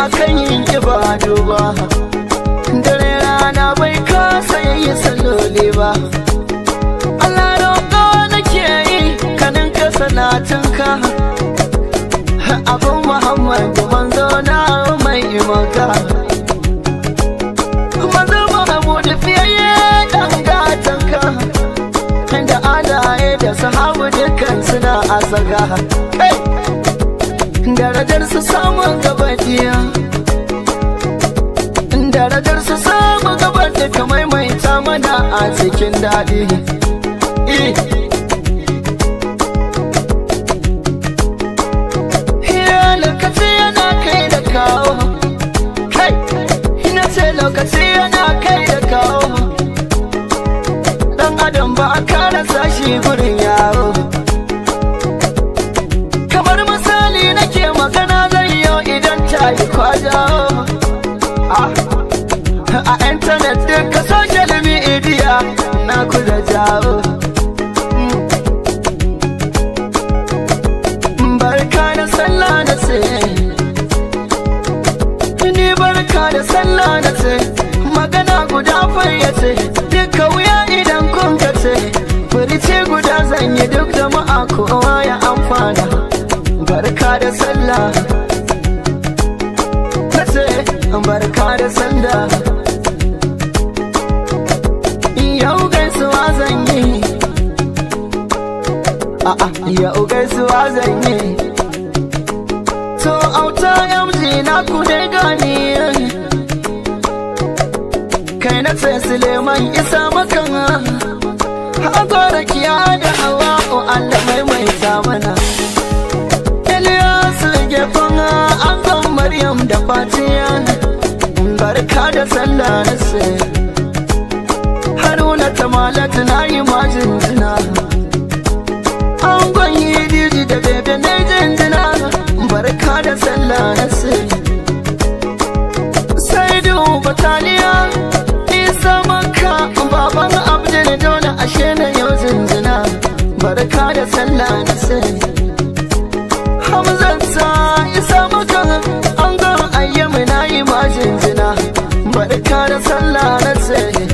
akan yin ibado ba dare rana bai kasa yayi salloli ba Allah roƙo nake yi kanin ka sanatin ka abin Muhammadu manzo na mai imaka manzo Muhammadu fiye dan gatan da alaye da sahabu dukkan asaka darajar su samu gabajiya darajar su samu gabar da ta maimaita mana a cikin daɗi eh. ku da jawo barka da sallah na ce ni barka da sallah na ce magana guda fayyace duka wuya idan kun kace furice guda zan yi duk jama'a kowa ya amfana barka da sallah barka da sallah yau gaisuwa zan yi to auta yamji na ku ne gani kai na tsaye suleiman isa makan hagora kiya da hawa o allah mai mai zamana Ilyasu gefen angon Maryam da Fatiya barka da sallah na sai barka da sallah na sani hamzansa isa maka an ga ayyamu na yi majinjina barka da sallah na sani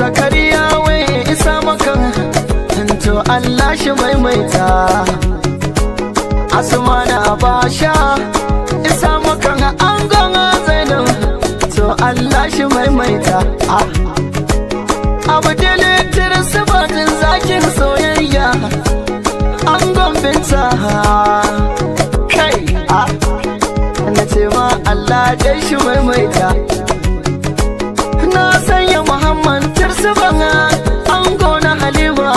zakariya wai isa maka to allah shi maimaita asuma na isa maka an gama zainab to allah shi maimaita ah. abu fasaha kai ah, na ce ma Allah dai shi maimaita na sanya Muhammad tirsu bana ango na halima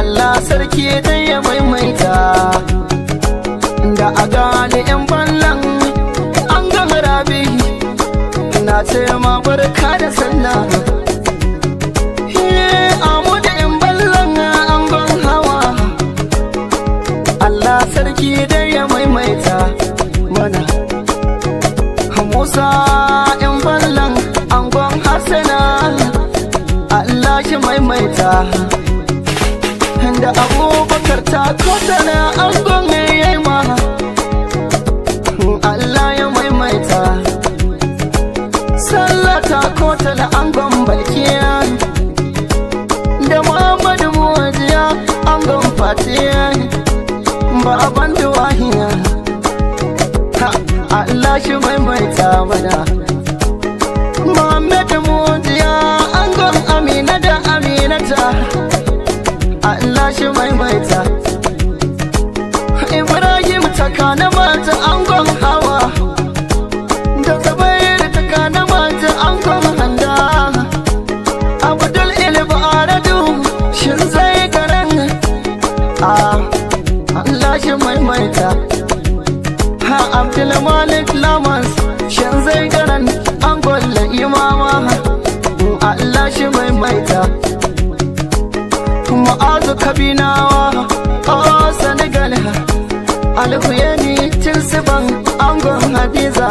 Allah sarki dai ya maimaita da a gane yan ballan an gama rabi na ce ma barka da sallah da abubakar ta kotana angon yayi ma Allah ya maimaita sallah ta kotana angon balkiya da Muhammadu muwajiya angon fatiya ba a baban duwahiya Allah shi maimaita mana A Allah shi maimaita Ibrahim taka na mata angon hawa Da Zubair taka na mata angon handa Abdul Ilba Aradu shin zai garan Allah shi maimaita Ha Abdul Malik Lamas zai garan angon la imama Allah shi maimaita mu'azu kabinawa o senegal alhuyeni tilsiban angon hadiza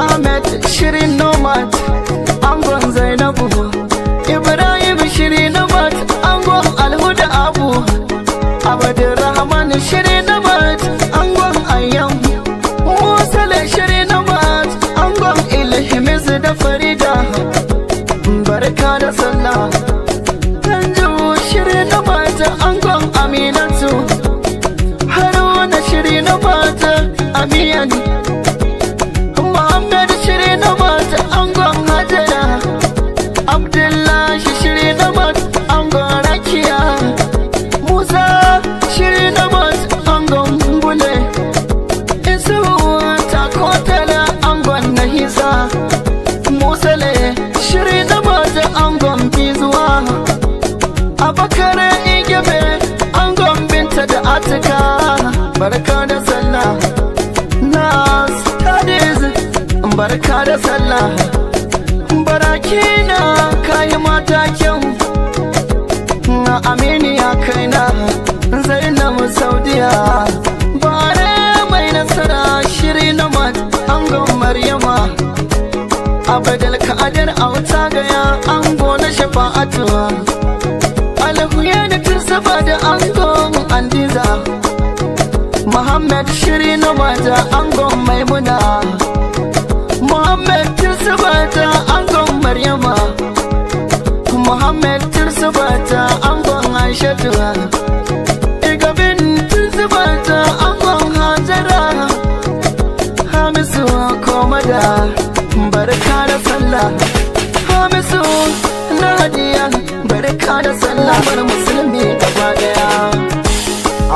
ahmed shirin nomad angon zainabu ibrahim shirin nomad angon alhuda abu abadin rahman shirin nomad angon ayyam musale shirin nomad angon ilhimiz da farida barka da sallah barka da sallah nas kadiz barka da sallah barakina kayi mata kyau na aminiya kaina zainab saudiya bare mai nasara shiri na mat angon maryama abadal ka'adar auta gaya ango na shafa'atu alhuya da tun saba da angon andiza Muhammad shiri na mata angon maimuna Muhammad tirsubata angon maryama Muhammad tirsubata angon aishatu Igabin tirsubata angon hajara Hamisu komada barka da sallah Hamisu na hadiya barka da sallah bar musulmi gaba daya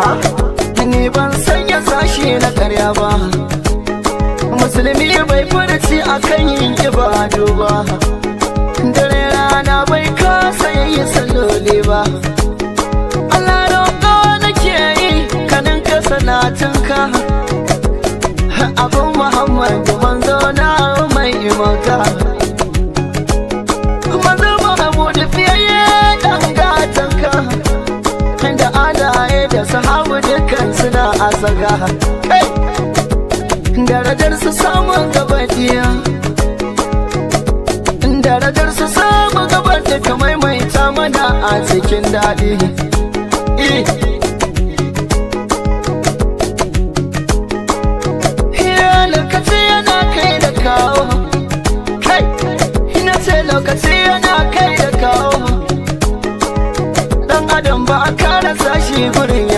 Ah na karya ba musulmi bai furci a kan yin ibado ba dare rana bai kasa yi salloli ba Allah roƙo ke yi kanin ka na tunka abin Muhammad manzo na mai imaka manzo fiye alaye da dukkan a cikin daɗi lokaci yana kai da kawo ina ce lokaci yana kai da kawo dan adam ba a kara sashi gurin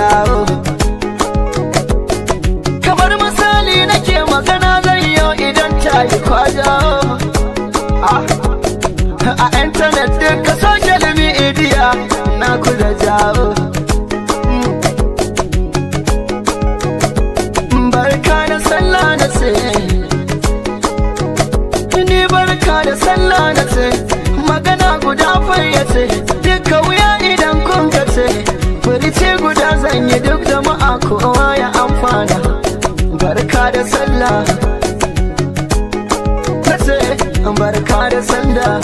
kowa ya amfana barka da sallah kace barka da sallah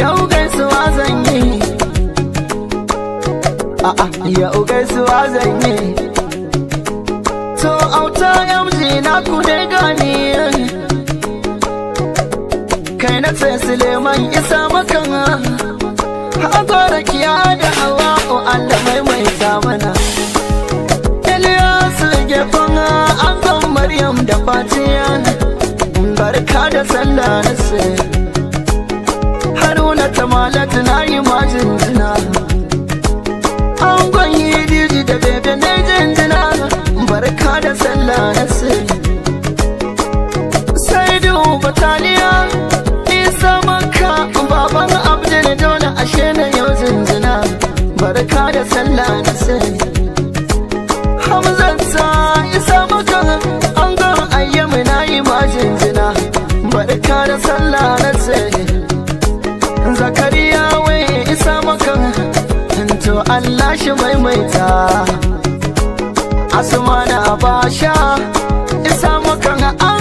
yau gaisuwa zan yi a'a yau gaisuwa zan yi to auta yamji na ku dai gani kai na ce suleiman isa makan hazara kiya da hawa'u allah koya mana ke gefen an zan Maryam da Fatiya Barka da sallah na Haruna tamalat na yi majin jina An gwanyi diji da bebe na jinjina Barka da sallah na Sai duba taliya Isa maka baban abdul dole ashe na yau jinjina barka da sallah na sani hamzansa ya samu kan an ga ayyamu na yi majinjina barka da sallah na sani zakariya wai isa makan to allah shi maimaita asmana basha isa makan an